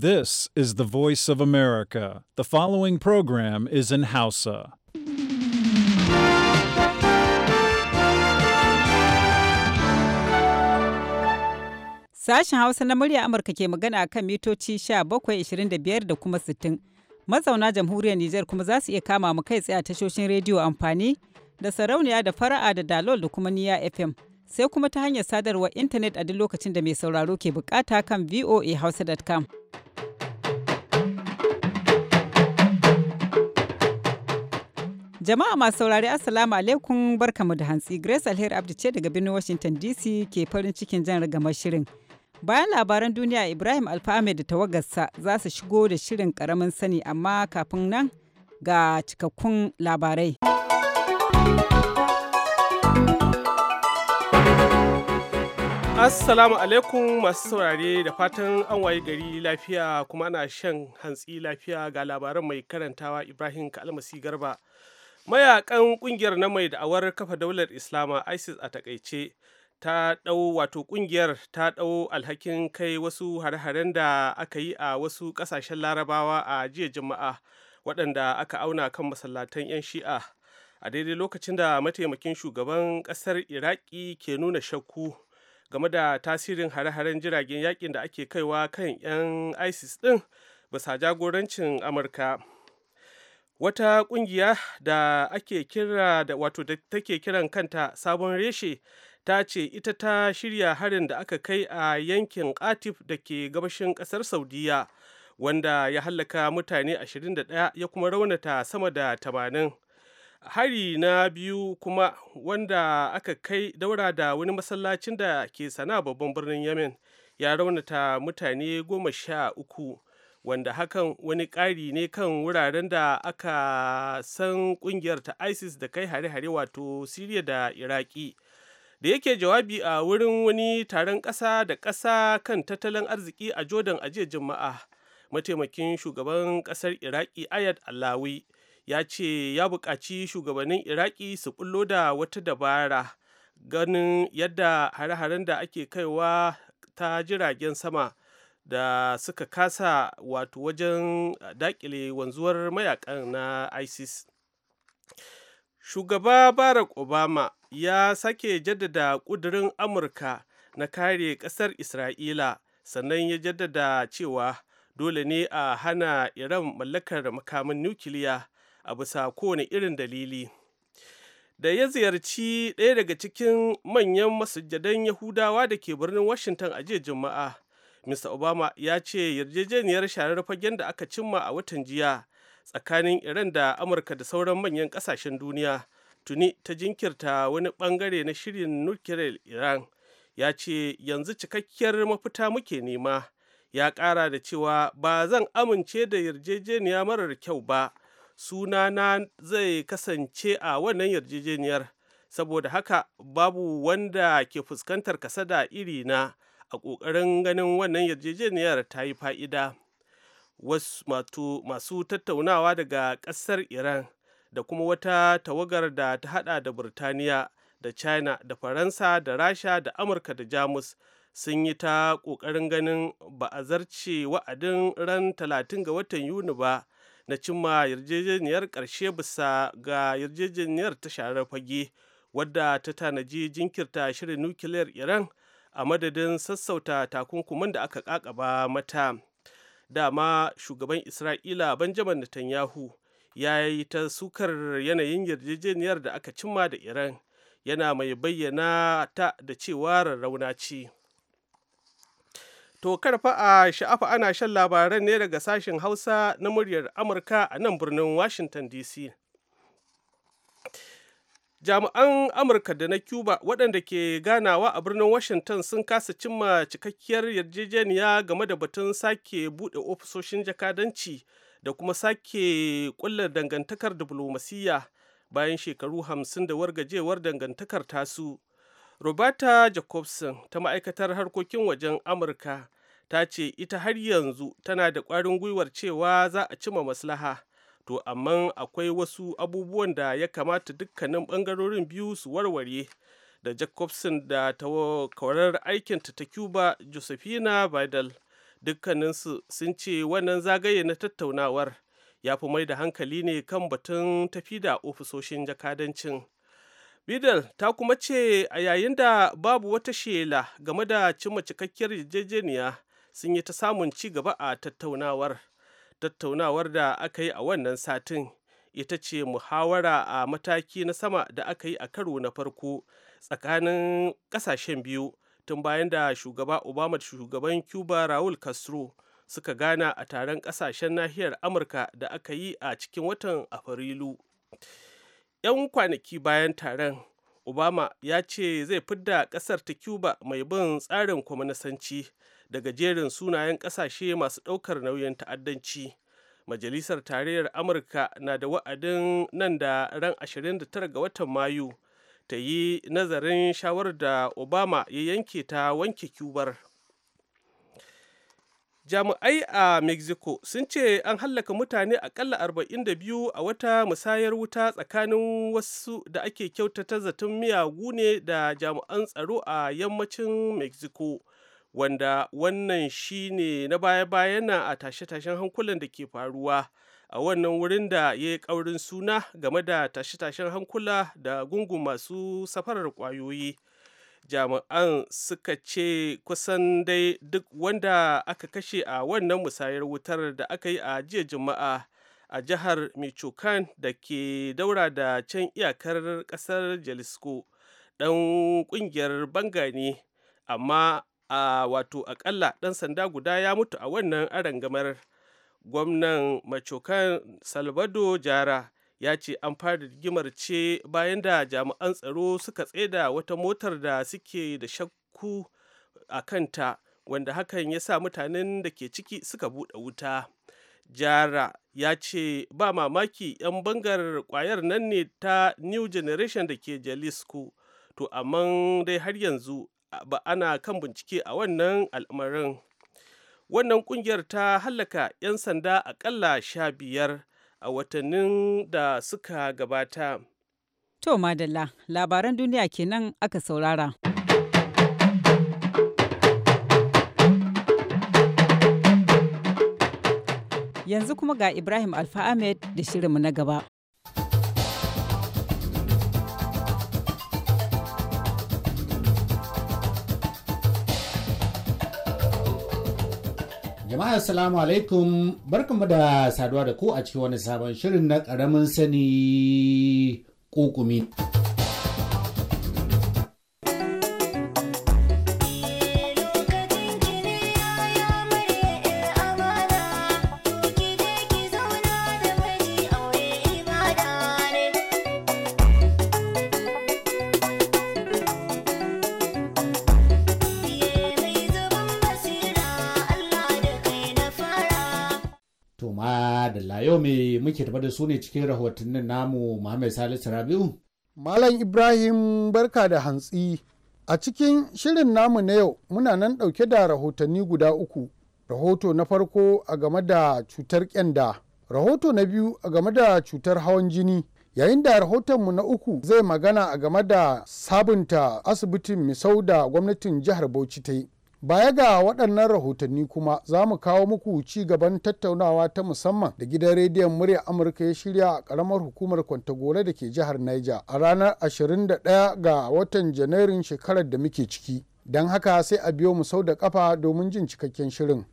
This is the voice of America. The following program is in Hausa. Sashen Hausa na murya Amurka ke magana kan mitoci 17,25 da kuma 60. Mazauna jamhuriyar Nijar kuma za su iya kama mu kai tsaye a tashoshin rediyo amfani da sarauniya da fara'a da dalol da kuma niya FM. Sai kuma ta hanyar sadarwar intanet a duk lokacin da mai sauraro ke bukata kan voahausa.com. Jama'a masu saurari Assalamu alaikum barkamu da hantsi Grace Alheri Abdi ce daga birnin Washington DC ke farin cikin jan rigamar shirin. Bayan labaran duniya Ibrahim Alfahame da tawagarsa za su shigo da shirin karamin sani amma kafin nan ga cikakkun labarai. Assalamu alaikum masu saurare da fatan an waye gari lafiya kuma ana shan hantsi lafiya ga labaran mai karantawa Ibrahim Kalmasi Garba. mayakan kungiyar na mai da'awar kafa daular islama isis a takaice ta ɗau wato kungiyar ta ɗau alhakin kai wasu hare-haren da aka yi a wasu ƙasashen larabawa a jiya juma'a waɗanda aka auna kan masallatan 'yan shi'a a daidai lokacin da mataimakin shugaban ƙasar iraki ke nuna shakku game da tasirin hare-haren jiragen yakin da ake kaiwa kan 'yan isis ɗin bisa jagorancin amurka wata kungiya da ake kira da wato da take kiran kanta sabon reshe ta ce ita ta shirya harin da aka kai a yankin katif da ke gabashin kasar saudiya wanda ya hallaka mutane 21 ya kuma raunata sama da 80 hari na biyu kuma wanda aka kai daura da wani masallacin da ke sana babban birnin yemen ya raunata mutane goma sha uku wanda hakan wani ƙari ne kan wuraren da aka san ƙungiyar ta isis da kai hare-hare wato syria da iraki da yake jawabi a wurin wani taron ƙasa da ƙasa kan tattalin arziki a jordan a jiya juma'a mataimakin shugaban ƙasar iraki ayat alawi ya ce ya buƙaci shugabannin iraki su ƙullo da wata dabara ganin yadda hare-haren da ake kaiwa ta jiragen sama da suka kasa wato wajen ah, dakile wanzuwar mayakan na isis shugaba barack obama ya sake jaddada kudurin amurka na kare kasar isra'ila sannan ya jaddada cewa dole ne a hana iran mallakar makamin nukiliya a bisa kowane irin dalili da ya ziyarci ɗaya daga cikin manyan masujadan yahudawa da ke birnin washington a jiya juma'a mr obama ya ce yarjejeniyar sharar fagen da aka cimma a watan jiya tsakanin iran da amurka da sauran manyan kasashen duniya tuni ta jinkirta wani bangare na shirin nukiliyar iran ya ce yanzu cikakkiyar mafita muke nema ya kara da cewa ba zan amince da yarjejeniya marar kyau ba Suna na zai kasance a wannan yarjejeniyar saboda haka babu wanda ke fuskantar kasada iri na a ƙoƙarin ganin wannan yarjejeniyar ta yi fa'ida wasu masu tattaunawa daga ƙasar iran da kuma wata tawagar da ta hada da burtaniya da china da faransa da rasha da amurka da jamus sun yi ta ƙoƙarin ganin ba a zarce wa'adin ran 30 ga watan yuni ba na cimma yarjejeniyar ƙarshe bisa ga yarjejeniyar ta sharar fage wadda ta tanaji jinkirta shirin nukiliyar iran a madadin sassauta takunkuman da aka kakaba mata dama shugaban isra'ila benjamin netanyahu ya yi ta sukar yanayin yarjejeniyar da aka cimma da iran yana mai bayyana ta da cewa rarrauna ce to karfa a sha'afa ana shan labaran ne daga sashen hausa na muryar amurka a nan birnin washington dc jami'an amurka da na cuba waɗanda ke ganawa a birnin washington sun kasa cimma cikakkiyar yarjejeniya game da batun sake buɗe ofisoshin jakadanci da kuma sake ƙulla dangantakar diflomasiyya bayan shekaru hamsin da wargajewar dangantakar tasu roberta jacobson ta ma'aikatar harkokin wajen amurka ta ce ita har yanzu tana da ƙwarin gwiwar cewa za a cima maslaha to amma akwai wasu abubuwan da ya kamata dukkanin bangarorin biyu su warware da jacobson da kawarar aikinta ta cuba josephina vidal dukkaninsu sun ce wannan zagaye na tattaunawar ya fi mai da hankali ne kan batun tafi da ofisoshin jakadancin bidal ta kuma ce a yayin da babu wata shela game da cimma cikakkiyar yarjejeniya sun yi ta samun ci gaba a tattaunawar tattaunawar da aka yi a wannan satin ita ce muhawara a mataki na sama da aka yi a karo na farko tsakanin ƙasashen biyu tun bayan da shugaba obama da shugaban cuba raul castro suka gana a taron ƙasashen nahiyar amurka da aka yi a cikin watan afrilu 'yan kwanaki bayan taron obama ya ce zai fidda ƙasar ta cuba mai bin tsarin kwamanasanci daga jerin sunayen kasashe masu ɗaukar nauyin ta'addanci majalisar tarayyar amurka na da wa'adin nan da ran 29 ga watan mayu ta yi nazarin shawar da obama ya yanke ta wanke cubar jami'ai a mexico sun ce an hallaka mutane akalla 42 a wata musayar wuta tsakanin wasu da ake kyautata zaton miyagu ne da jami'an tsaro a yammacin mexico wanda wannan shi ne na baya-bayan na a tashe-tashen hankulan da ke faruwa a wannan wurin da ya yi ƙaurin suna game da tashe-tashen hankula da gungun masu safarar ƙwayoyi jami'an suka ce kusan dai duk wanda aka kashe a wannan musayar wutar da aka yi a jiya juma'a a jihar michoacan da ke daura da can iyakar ƙasar jalisco ɗan ƙungiyar banga amma a wato akalla ɗan sanda guda ya mutu a wannan gamar gwamnan macokan salvado jara ya ce an fara rigimar ce bayan da jami'an tsaro suka tseda wata motar da suke da shakku a kanta wanda hakan ya sa mutanen da ke ciki suka buɗe wuta jara ya ce ba mamaki 'yan bangar kwayar nan ne ta new generation da ke jalisco to amma dai har yanzu ba ana kan bincike a wannan al'amarin wannan kungiyar ta hallaka 'yan sanda akalla sha biyar a watannin da suka gabata to madalla labaran duniya kenan aka saurara yanzu kuma ga ibrahim alfa ahmed da shirinmu na gaba Jama'a assalamu alaikum barkanmu da saduwa da ku a cikin wani sabon shirin na ƙaramin sani ƙuƙumi. da su ne cikin rahotannin namu Muhammad Salisu Rabiu. Malam Ibrahim barka da hantsi. A cikin shirin namu na yau muna nan ɗauke da rahotanni guda uku. Rahoto na farko a game da cutar ƙyanda. Rahoto na biyu a game da cutar hawan jini. Yayin da rahotonmu na uku zai magana a game da sabunta asibitin Misau da gwamnatin jihar Bauchi ta yi. Baya ga waɗannan rahotanni kuma za mu kawo muku ci gaban tattaunawa ta musamman da gidan rediyon murya Amurka ya shirya a ƙaramar hukumar Kwantagore da ke jihar Niger a ranar 21 ga watan Janairun shekarar da muke ciki. Don haka sai a biyo mu sau da ƙafa domin jin cikakken shirin.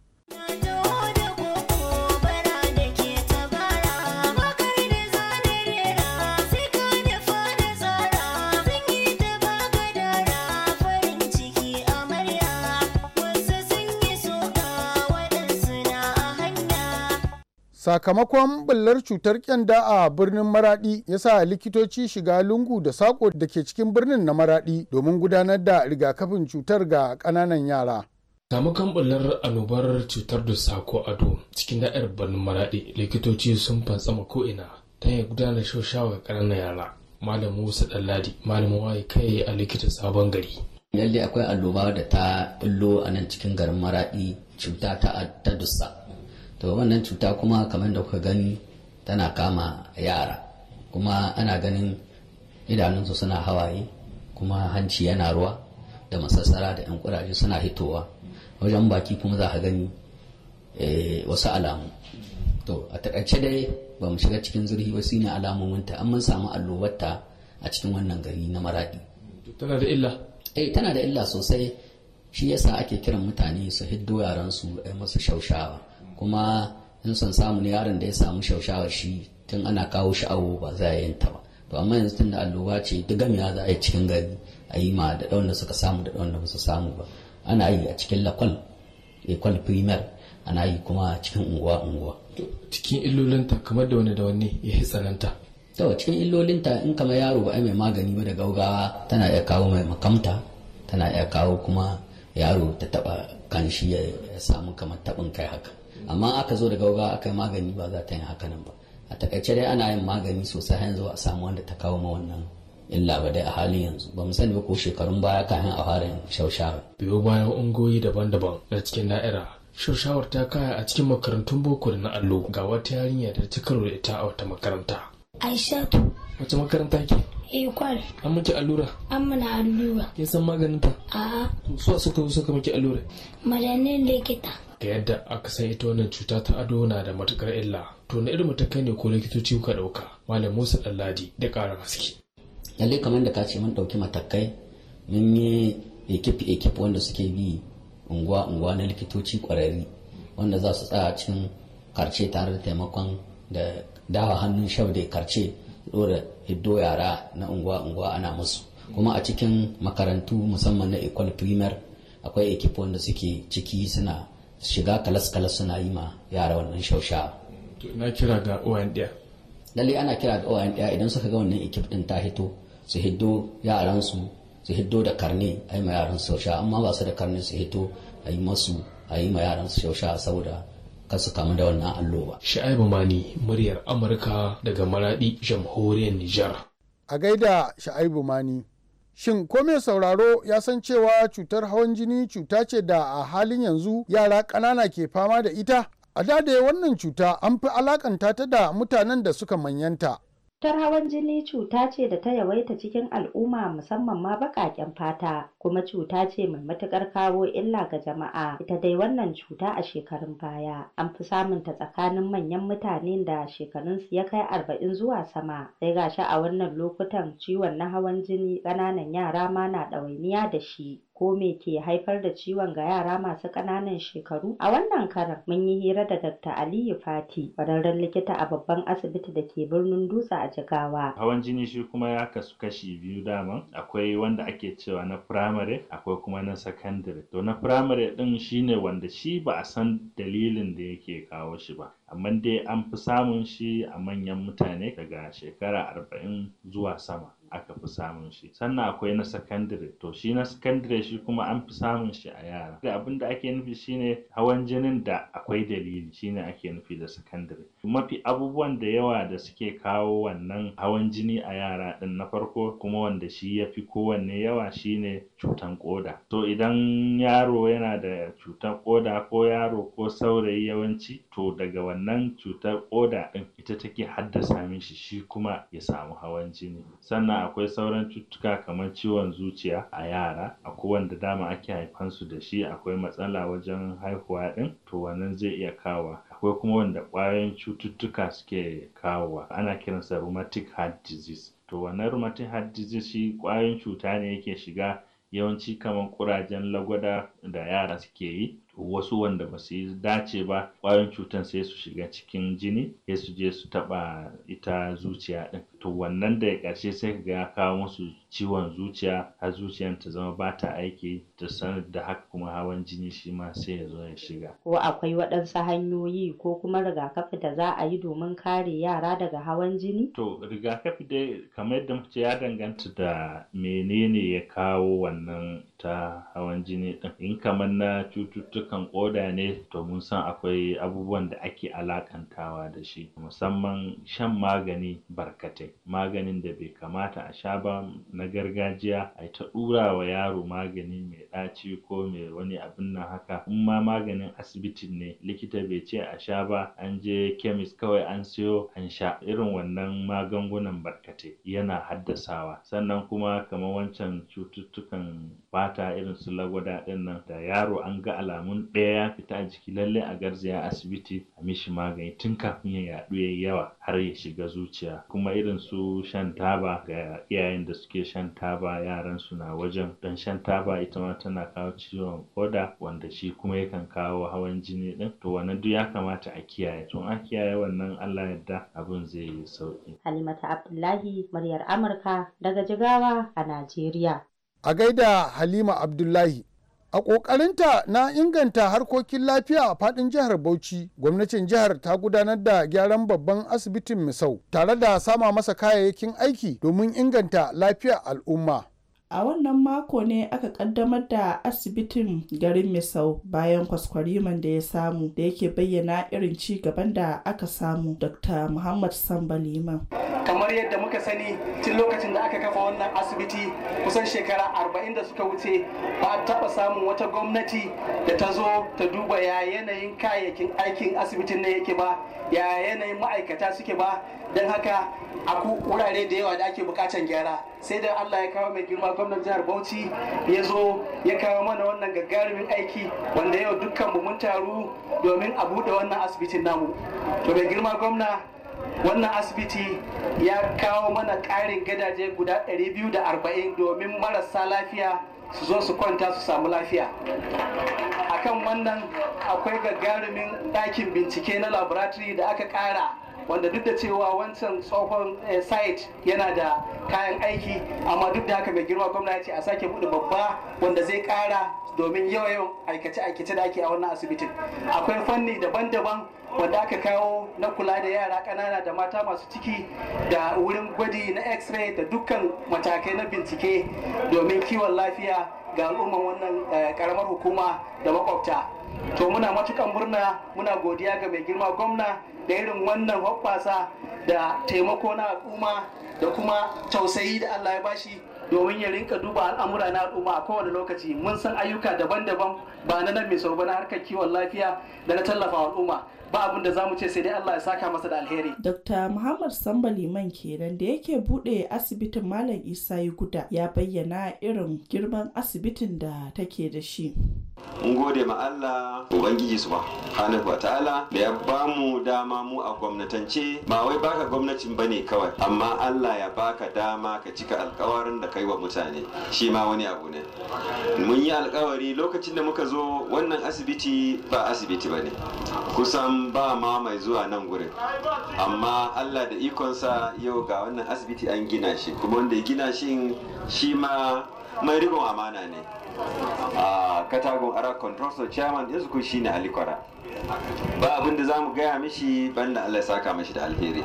sakamakon bullar cutar kyanda a birnin maradi ya sa likitoci shiga lungu da sako da ke cikin birnin na maradi domin gudanar da rigakafin cutar ga ƙananan yara sakamakon bullar annobar cutar da sako ado cikin da'ar birnin maradi likitoci sun fantsama ko'ina ta yi gudanar shoshawa kananan yara malam musa ɗanladi malamin waye kai a likita sabon gari lalle akwai annoba da ta bullo a nan cikin garin maradi cuta ta dusa to wannan cuta kuma kamar da kuka gani tana kama yara kuma ana ganin idanunsu suna hawaye kuma hanci yana ruwa da masassara da yan kuraje suna hitowa wajen baki kuma za ka gani eh, wasu alamu to a takaice dai ba mu shiga cikin zurfi ba ne alamominta an mun samu allobarta a cikin wannan gari na maradi tana da illa eh tana da illa sosai shi yasa ake kiran mutane su hiddo yaran su ai masu shaushawa kuma in son samu ne yaron da ya samu shaushawar shi tun ana kawo shi awo ba za a yin ta ba to amma yanzu tun da alluwa ce duk gamiya za a yi cikin gari a yi ma da ɗaun suka samu da ɗaun ba su samu ba ana yi a cikin lakwal lakwal primar ana yi kuma cikin unguwa unguwa cikin illolinta kamar da wani da wani ya yi tsananta to cikin illolinta in kamar yaro ba mai magani ba da gaugawa tana iya kawo mai makamta tana iya kawo kuma yaro ta taba kanshi ya samu kamar tabin kai haka amma aka zo daga wuga aka yi magani ba za ta yi haka nan ba a takaice dai ana yin magani sosai yanzu a samu wanda ta kawo ma wannan illa ba dai a halin yanzu ba mu sani ba ko shekarun baya kafin a fara yin shaushawa biyo bayan ungoyi daban-daban na cikin na'ira shaushawar ta kaya a cikin makarantun boko da na allo ga wata yarinya da ta karo ita a wata makaranta aishatu wace makaranta ke Ikwal. Eh, An miki allura? An mana allura. Kin san maganin ta? A'a. Su suka suka miki allura? Madanin likita. da yadda aka san ita wannan cuta ta ado na da matukar illa to na irin matakai ne ko likitoci kuka dauka malam musa dalladi da ƙara haske lalle kamar da ka ce mun dauki matakai mun yi ekip ekip wanda suke bi unguwa unguwa na likitoci kwararri wanda za su tsaya cikin karce tare da taimakon da dawa hannun shau da karce dora hiddo yara na unguwa unguwa ana musu kuma a cikin makarantu musamman na ecole primaire akwai ekip wanda suke ciki suna shiga kalas-kalas suna yi ma yara wannan shausha to ina kira ga uwayen ɗaya lalle ana kira ga uwayen ɗaya idan suka ga wannan ekip ɗin ta hito su hiddo yaransu su hiddo da karne a yi ma yaran shausha amma ba su da karne su hito a yi masu a yi ma yaran shausha saboda kar su kamu da wannan ba. Sha'ibu Mani muryar Amurka daga Maradi jamhuriyar Nijar. A gaida Sha'ibu Mani. Shin ko mai sauraro ya san cewa cutar hawan jini cuta ce da a halin yanzu yara ƙanana ke fama da ita? A da wannan cuta an fi alakanta ta da mutanen da suka manyanta, Cutar hawan jini cuta ce da ta yawaita cikin al'umma musamman ma baƙaƙen fata kuma cuta ce mai matuƙar kawo illa ga jama'a. Ita dai wannan cuta a shekarun baya an fi samun ta tsakanin manyan mutane da shekarunsu ya kai arba'in zuwa sama. Sai ga shi a wannan lokutan ciwon na hawan jini ƙananan yara ma na ɗawainiya da shi. ko me ke haifar da ciwon ga yara masu ƙananan shekaru a wannan karan mun yi hira da Dr. Aliyu Fati ƙwararren likita a babban asibiti da ke birnin Dutse a Jigawa hawan jini shi kuma ya kasu kashi biyu daman akwai wanda ake cewa na primary akwai kuma na secondary to na primary din shine wanda shi ba a san dalilin da yake kawo shi ba amma dai an fi samun shi a manyan mutane daga shekara arba'in zuwa sama aka fi samun shi sannan akwai na sakandare to shi na sakandare shi kuma an fi samun shi a yara da abin da ake nufi shine hawan jinin da akwai dalili shine ake nufi da sakandare mafi abubuwan da yawa da suke kawo wannan hawan jini a yara ɗin na farko kuma wanda shi ya fi kowanne yawa shine cutan ƙoda to idan yaro yana da cutar ƙoda ko yaro ko saurayi yawanci to daga wannan cutar ƙoda ɗin ita take haddasa mishi shi kuma ya samu hawan jini sannan akwai sauran cututtuka kamar ciwon zuciya a yara akwai wanda dama ake haifan su da shi akwai matsala wajen haihuwa ɗin to wannan zai iya kawowa akwai kuma wanda ƙwayoyin cututtuka suke kawowa ana kiransa rheumatic heart disease to wannan rheumatic heart disease shi ƙwayoyin cuta ne yake shiga yawanci kamar ƙurajen lagwada da yara suke yi wasu wanda ba su yi dace ba ƙwayoyin cutan sai su shiga cikin jini sai su je su taɓa ita zuciya ɗin to wannan da ƙarshe sai ka ga kawo musu ciwon zuciya har zuciyar ta zama ba ta aiki ta sanar da haka kuma hawan jini shi ma sai ya zo ya shiga ko akwai waɗansu hanyoyi ko kuma rigakafi da za a yi domin kare yara daga hawan jini to rigakafi dai kamar yadda muke ya danganta da menene ya kawo wannan ta hawan jini ɗin in kamar na cututtukan ƙoda ne to mun san akwai abubuwan da ake alakantawa da shi musamman shan magani barkatai maganin da bai kamata a sha ba na gargajiya ai ta ɗura wa yaro magani mai ɗaci ko mai wani abin nan haka in ma maganin asibiti ne likita bai ce a sha ba an je kemis kawai an siyo an sha irin wannan magungunan barkatai yana haddasawa sannan kuma kamar wancan cututtukan fata irin su lagwada ɗin nan da yaro an ga alamun ɗaya ya fita a jiki lalle a garzaya asibiti a mishi magani tun kafin ya yaɗu yayi yawa har ya shiga zuciya kuma irin su shan taba ga iyayen da suke shan taba yaran su na wajen don shan taba ita ma tana kawo ciwon ƙoda wanda shi kuma yakan kawo hawan jini ɗin to wannan duk ya kamata a kiyaye to an kiyaye wannan Allah yarda abun zai yi sauki Halimata Abdullahi muryar Amurka daga Jigawa a Najeriya a gaida halima abdullahi a ƙoƙarinta na inganta harkokin lafiya a faɗin jihar bauchi gwamnatin jihar ta gudanar da gyaran babban asibitin misau tare da sama masa kayayyakin aiki domin inganta lafiyar al'umma A wannan mako ne aka kaddamar da asibitin garin Misau bayan kwaskwariman da ya samu da yake bayyana irin ci gaban da aka samu Dr. Muhammad sambaliman Kamar yadda muka sani tun lokacin da aka kafa wannan asibiti kusan shekara arba'in da suka wuce ba a taba samun wata gwamnati da ta zo ta duba ya yanayin kayayyakin aikin asibitin ne yake ba ya yanayin ma'aikata suke ba don haka a wurare da yawa da ake bukatan gyara sai da allah ya kawo mai girma gwamnan jihar bauchi ya zo ya kawo mana wannan gagarumin aiki wanda yau dukkan mu mun taru domin a buɗe wannan asibitin namu to mai girma gwamna wannan asibiti ya kawo mana karin gadaje guda 240 domin marasa lafiya su zo su kwanta su samu lafiya akan wannan akwai gagarumin ɗakin bincike na laboratory da aka ƙara wanda duk da cewa wancan tsohon eh, site yana da kayan aiki amma duk da haka mai girma gwamna ce a sake buɗe babba wanda zai ƙara domin yawan aikace-aikace da ake a wannan asibitin akwai fanni daban-daban wanda aka kawo na kula da yara ƙanana da mata masu ciki da wurin gwaji na x-ray da dukkan matakai na bincike domin kiwon lafiya ga al'umman wannan karamar eh, hukuma da makwabta to muna matukan murna muna godiya ga mai girma gwamna da irin wannan hoppasa da taimako na al'umma da kuma tausayi da Allah ya bashi domin ya rinka duba al'amura na al'umma a kowane lokaci mun san ayyuka daban-daban ba na nan mai ba na harkar kiwon lafiya da na tallafa al'umma ba abin da zamu ce sai dai Allah ya saka masa da alheri Dr. Muhammad Samba Liman kenan da yake bude asibitin Malam Isa Guda ya bayyana irin girman asibitin da take da shi mun gode ma Allah ubangiji su wa ta'ala da ya bamu dama mu a gwamnatance ba wai baka gwamnatin bane kawai amma Allah ya baka dama ka cika alkawarin da kai wa mutane shi ma wani abu ne mun yi alkawari lokacin da muka zo wannan asibiti ba asibiti bane kusan ba ma mai zuwa nan gurin amma allah da ikonsa yau ga wannan asibiti an gina shi kuma wanda ya gina shi shi ma mai rikon amana ne a ah, katagun ara control chairman yanzu ku shine alikwara ba abin da za mu gaya mishi banda Allah ya saka mishi da alheri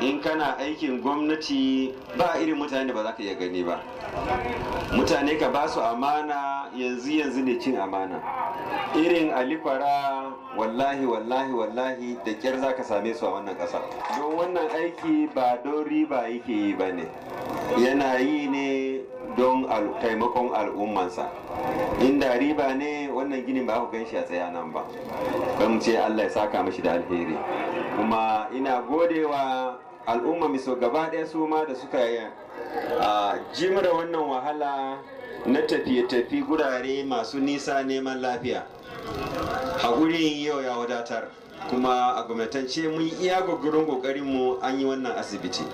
in kana aikin gwamnati ba irin mutane da ba za ka iya gani ba mutane ka ba su amana yanzu yanzu ne cin amana irin alikwara wallahi wallahi wallahi da kyar za ka same su a wannan ƙasa don wannan aiki ba don riba yake yi ba ne yana yi ne don taimakon al'ummansa inda riba ne wannan ginin ba ku gan shi a tsaya nan ba ba ce allah ya saka mashi da alheri kuma ina godewa al'umma miso gaba ɗaya su ma da suka yi a jimra wannan wahala na tafiye-tafi gurare masu nisa neman lafiya haƙuri yau ya wadatar kuma a gwamnatance mun iya gwagwarin mu an yi wannan asibiti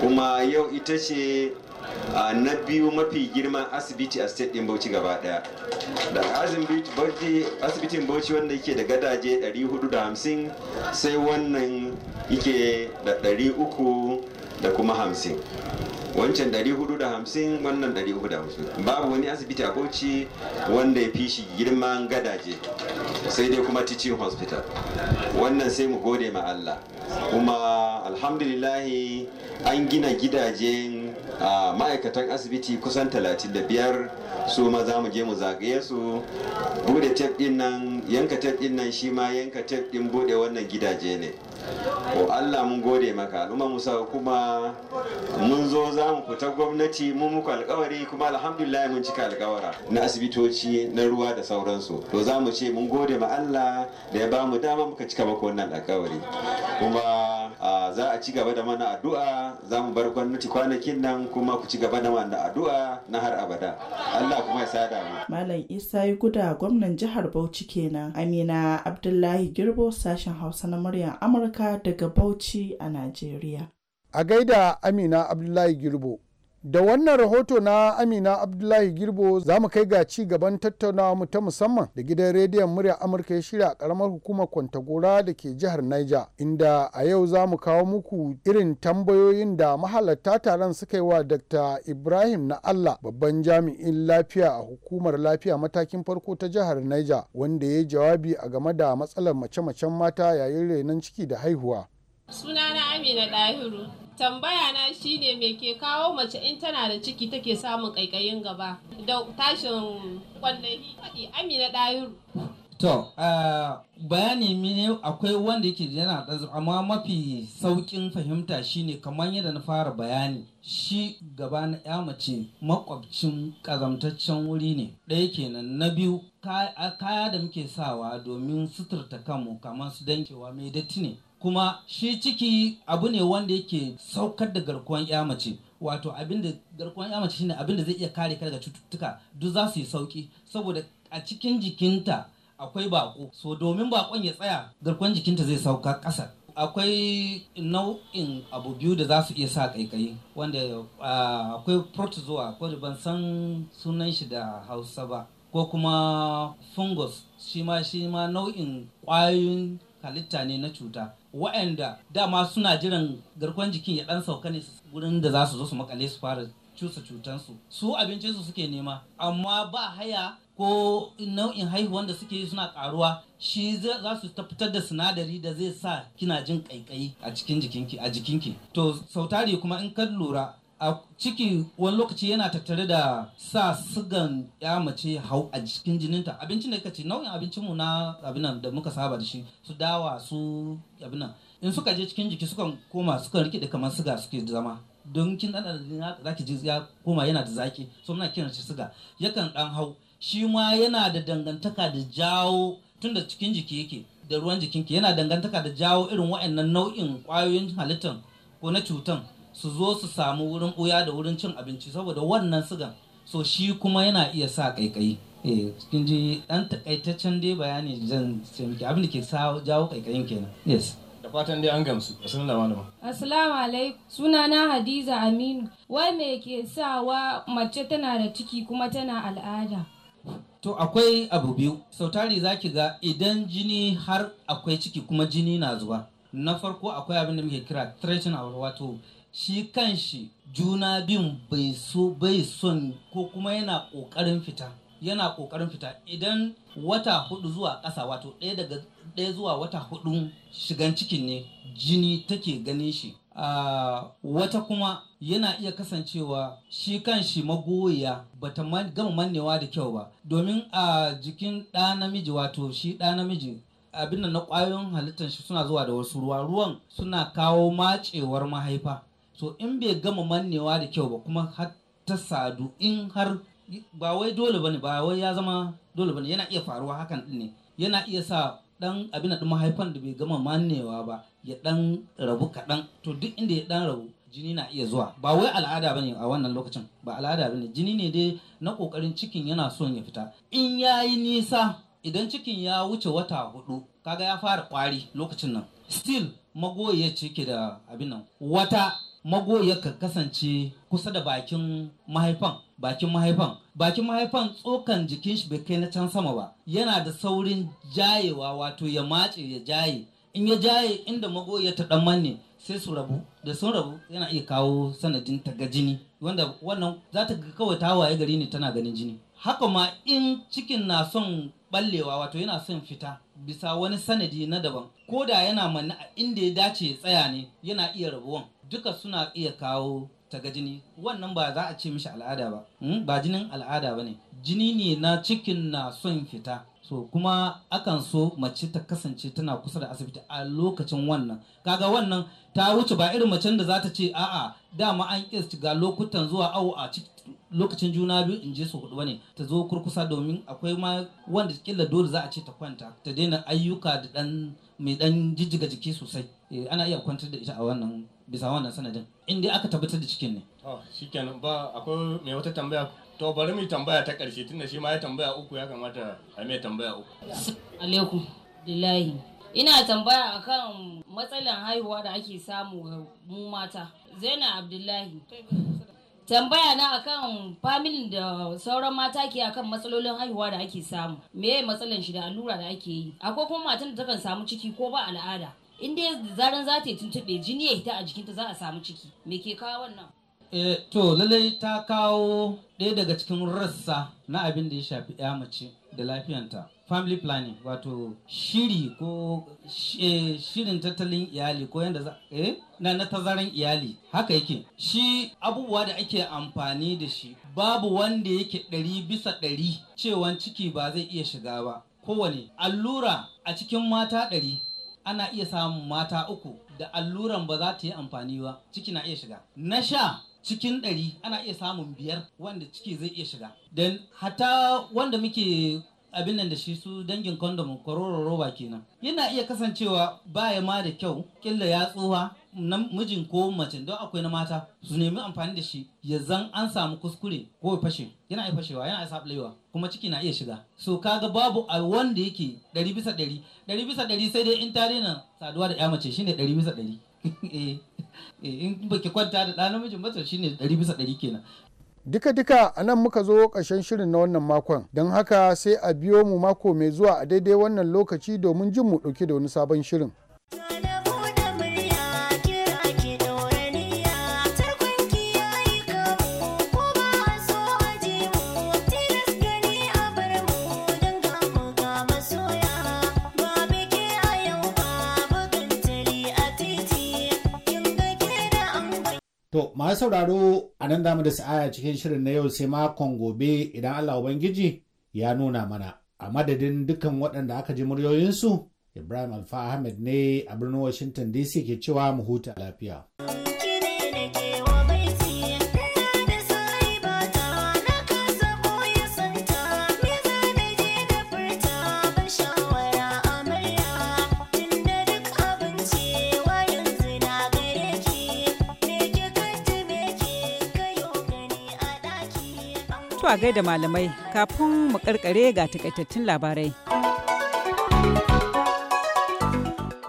kuma yau ita ce na biyu mafi girman asibiti a state din bauchi gaba daya da asibitin bauchi wanda yake da gadaje 450 sai wannan yake da 300 da kuma 50 wancan 450 wannan 450 babu wani asibiti a bauchi wanda ya fi shi girman gadaje sai dai kuma teaching hospital wannan sai mu gode ma Allah kuma alhamdulillah an gina gidajen A ma'aikatan asibiti kusan 35 su ma za mu je mu zagaye su bude tef din nan yanka tef din nan shi ma yanka tef din bude wannan gidaje ne o Allah mun gode maka al'umma musa kuma mun zo za mu fita gwamnati mun muku alkawari kuma alhamdulillah mun cika alkawara na asibitoci na ruwa da sauransu to za mu ce mun gode ma Allah da ya ba mu dama muka cika maka wannan alkawari kuma za a ci gaba da mana addu'a za mu bar gwamnati kwanakin nan kuma ku ci gaba da mana addu'a na har abada Allah kuma ya sada mu Malam Isa yi guda gwamnan jihar Bauchi kenan Amina Abdullahi Girbo sashen Hausa na muryar Amurka daga Bauchi a Najeriya a gaida Amina Abdullahi Girbo Da wannan rahoto na Amina Abdullahi Girbo za mu kai ga ci gaban tattaunawa mu ta musamman da gidan rediyon murya Amurka ya shirya a karamar hukumar Kwantagora da ke jihar Niger inda a yau za mu kawo muku irin tambayoyin da mahalarta taron suka yi wa Dr. Ibrahim na Allah babban jami'in lafiya a hukumar lafiya matakin farko ta jihar Niger wanda ya yi jawabi a game da matsalar mace-macen mata yayin renon ciki da haihuwa. Sunana Amina Dahiru. tambaya na shine me ke kawo mace in tana da ciki take samun ƙaiƙayin gaba da tashin kwallahi faɗi amina ɗayuru to bayani mini akwai wanda yake yana ɗazu amma mafi saukin fahimta shine kamar yadda na fara bayani shi gaba na ya mace makwabcin kazamtaccen wuri ne ɗaya kenan na biyu kaya da muke sawa domin suturta kanmu kamar su dankewa mai datti ne kuma shi ciki abu ne wanda yake saukar da garkuwan ya mace wato abin da garkuwan mace shine abin da zai iya kare ka daga cututtuka duk za su yi sauki saboda a cikin jikinta akwai bako so domin bakon ya tsaya garkuwan jikinta zai sauka ƙasa akwai nau'in abu biyu da za su iya sa kaikayi wanda akwai protozoa ko da ban san sunan shi da hausa ba ko kuma fungus shi ma shi ma nau'in ƙwayoyin halitta ne na cuta waɗanda dama suna jiran garkuwan jikin ya ɗan sauka ne gurin da za su zo su makale su fara cusa cutansu su abincinsu suke nema amma ba haya ko nau'in haihuwan da suke suna ƙaruwa shi za su fitar da sinadari da zai sa kina jin kaikayi a cikin jikinki a jikinki to sautari kuma in ka lura a ciki wani lokaci yana tattare da sa sigan ya mace hau a cikin jininta abincin da kace nau'in abincinmu na abinan da muka saba da shi su dawa su abinan in suka je cikin jiki sukan koma sukan rike da kamar siga suke zama don kin dan da zaki ji ya koma yana da zaki so muna kiran shi siga yakan dan hau shi ma yana da dangantaka da jawo tunda cikin jiki yake da ruwan jikinki yana dangantaka da jawo irin wa'annan nau'in kwayoyin halittan ko na cutan su zo su samu wurin ɓuya da wurin cin abinci saboda wannan sigan so shi kuma yana iya sa ƙaiƙayi eh kin ji dan takaitaccen dai bayani zan sai abin da ke jawo ƙaiƙayin kenan yes da fatan dai an gamsu assalamu alaikum assalamu alaikum sunana hadiza aminu wai me ke sawa mace tana da ciki kuma tana al'ada to akwai abu biyu sau tari zaki ga idan jini har akwai ciki kuma jini na zuwa na farko akwai abin da muke kira threshing wato shi kan shi juna bin bai so bai son ko kuma yana kokarin fita yana kokarin fita idan wata hudu zuwa ƙasa wato ɗaya daga ɗaya zuwa wata hudu shigan cikin ne jini take ganin shi a wata kuma yana iya kasancewa shi kan shi magoya bata gama mannewa da kyau ba domin a jikin ɗa namiji wato shi ɗa namiji abin na ƙwayoyin halittar shi suna zuwa da wasu ruwa ruwan suna kawo macewar mahaifa so in bai gama mannewa da kyau ba kuma har ta sadu in har ba wai dole bane ba wai ya zama dole bane yana iya faruwa hakan din ne yana iya sa dan abin da mahaifan da bai gama mannewa ba ya dan rabu kaɗan to duk inda ya dan rabu jini na iya zuwa ba wai al'ada bane a wannan lokacin ba al'ada bane jini ne dai na kokarin cikin yana son ya fita in yayi nisa idan cikin ya wuce wata hudu kaga ya fara kwari lokacin nan still magoyi ya cike da abin nan wata Magoyar ka kasance kusa da bakin mahaifan bakin mahaifan bakin mahaifan tsokan jikin shi bai kai na can sama ba yana da saurin jayewa wato ya mace ya jaye in ya jaye inda magoya ta dan manne sai su rabu da sun rabu yana iya kawo sanadin taga jini wanda wannan za ta ga kawai ta waye gari ne tana ganin jini haka ma in cikin na son ballewa wato yana son fita bisa wani sanadi na daban ko da yana manna inda ya dace ya tsaya ne yana iya rabuwan duka suna iya kawo ta ga jini wannan ba za a ce mishi al'ada ba hmm? ba jinin al'ada ba ne jini ne na cikin na son fita so kuma akan so mace ta kasance tana kusa da asibiti a lokacin wannan kaga wannan ta wuce ba irin macen da za ta ce a'a dama an kirsti ga lokutan zuwa awo a lokacin juna biyu in je su hudu bane ta zo kurkusa domin akwai ma wanda killa dole za a ce ta kwanta ta daina ayyuka da dan mai dan jijjiga jiki sosai eh, ana iya kwantar da ita a wannan bisa wannan sanadin in dai aka tabbatar da cikin ne shikenan ba akwai mai wata tambaya to bari mu tambaya ta ƙarshe da shi ma ya tambaya uku ya kamata a mai tambaya uku alaikum lillahi ina tambaya akan matsalan haihuwa da ake samu ga mu mata zainab abdullahi tambaya na akan familin da sauran mata ke akan matsalolin haihuwa da ake samu me matsalan shi da allura da ake yi akwai kuma matan da takan samu ciki ko ba al'ada in dai zaran za ta yi tuntuɓe jini ya hita a jikinta za a samu ciki me ke kawo wannan eh, to lallai ta kawo ɗaya daga cikin rassa na abin da ya shafi ya mace da lafiyanta family planning wato shiri ko eh, shirin tattalin iyali ko yadda za eh na na tazaran iyali haka yake shi abubuwa da ake amfani da shi babu wanda yake ɗari bisa ɗari cewa ciki ba zai iya shiga ba kowane allura a cikin mata ɗari ana iya samun mata uku da alluran ba za ta yi amfani ba ciki na iya shiga na sha cikin ɗari ana iya samun biyar wanda ciki zai iya shiga don hata wanda muke abin nan da shi su dangin kondom kororo roba kenan yana iya kasancewa baya ma da kyau killa ya tsuha namijin ko mace don akwai na mata su nemi amfani da shi ya zan an samu kuskure ko ya fashe yana iya fashewa yana iya sablewa kuma ciki na iya shiga so kaga babu a wanda yake ɗari bisa ɗari ɗari bisa ɗari sai dai in tare na saduwa da ya mace shine ɗari bisa ɗari eh, eh, in baki kwanta da ɗan namijin mace shine ɗari bisa ɗari kenan Duka-duka a nan muka zo ƙarshen shirin na wannan makon, don haka sai a biyo mu mako mai zuwa a daidai wannan lokaci domin jin mu ɗauke da wani sabon shirin. To, masu sauraro a nan damu da sa'aya cikin shirin na yau sai makon gobe idan Allah Ubangiji ya nuna mana. A madadin dukan waɗanda aka ji muryoyinsu, Ibrahim Alfa Ahmed ne a birnin Washington DC ke cewa mu huta lafiya. a da malamai kafin mu karkare ga takaitattun labarai.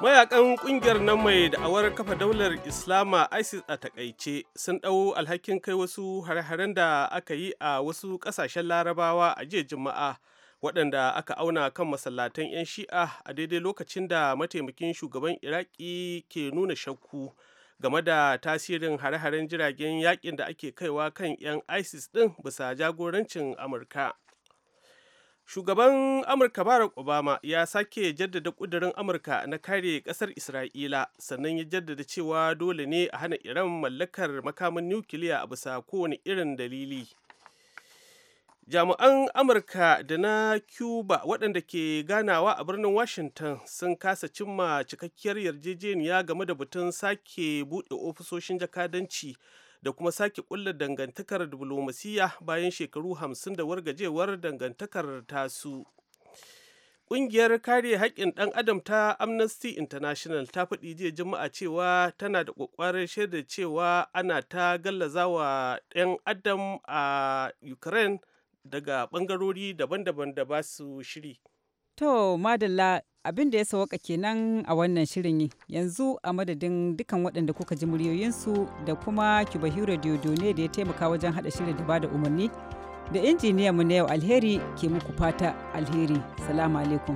Mayakan kungiyar nan mai da'awar kafa daular Islama ISIS a takaice sun ɗau alhakin kai wasu har-haren da aka yi a wasu ƙasashen larabawa a jiya juma'a waɗanda aka auna kan masallatan 'yan shi'a a daidai lokacin da mataimakin shugaban iraki ke nuna shakku game da tasirin hare-haren jiragen yakin da ake kaiwa kan 'yan isis ɗin bisa jagorancin amurka shugaban amurka barack obama ya sake jaddada kudirin amurka na kare kasar isra'ila sannan ya jaddada cewa dole ne a hana iran mallakar makamin nukiliya a bisa kowane irin dalili jami'an amurka da na cuba waɗanda ke ganawa a birnin washington sun kasa cimma cikakkiyar yarjejeniya game da batun sake buɗe ofisoshin jakadanci da kuma sake ƙulla dangantakar diflomasiyya bayan shekaru hamsin da wargajewar dangantakar tasu Ƙungiyar kare haƙƙin ɗan adam ta Amnesty International ta faɗi jiya Juma'a cewa tana da ƙwaƙwarar shaidar cewa ana ta gallazawa ɗan adam a Ukraine daga bangarori daban-daban da ba su shiri. To, madalla abin da ya sawaka kenan a wannan shirin yanzu a madadin dukan waɗanda kuka ji muryoyinsu da kuma Kibahiro ne da ya taimaka wajen haɗa shirin da ba da umarni da mu na yau alheri ke muku fata alheri. Salamu alaikum.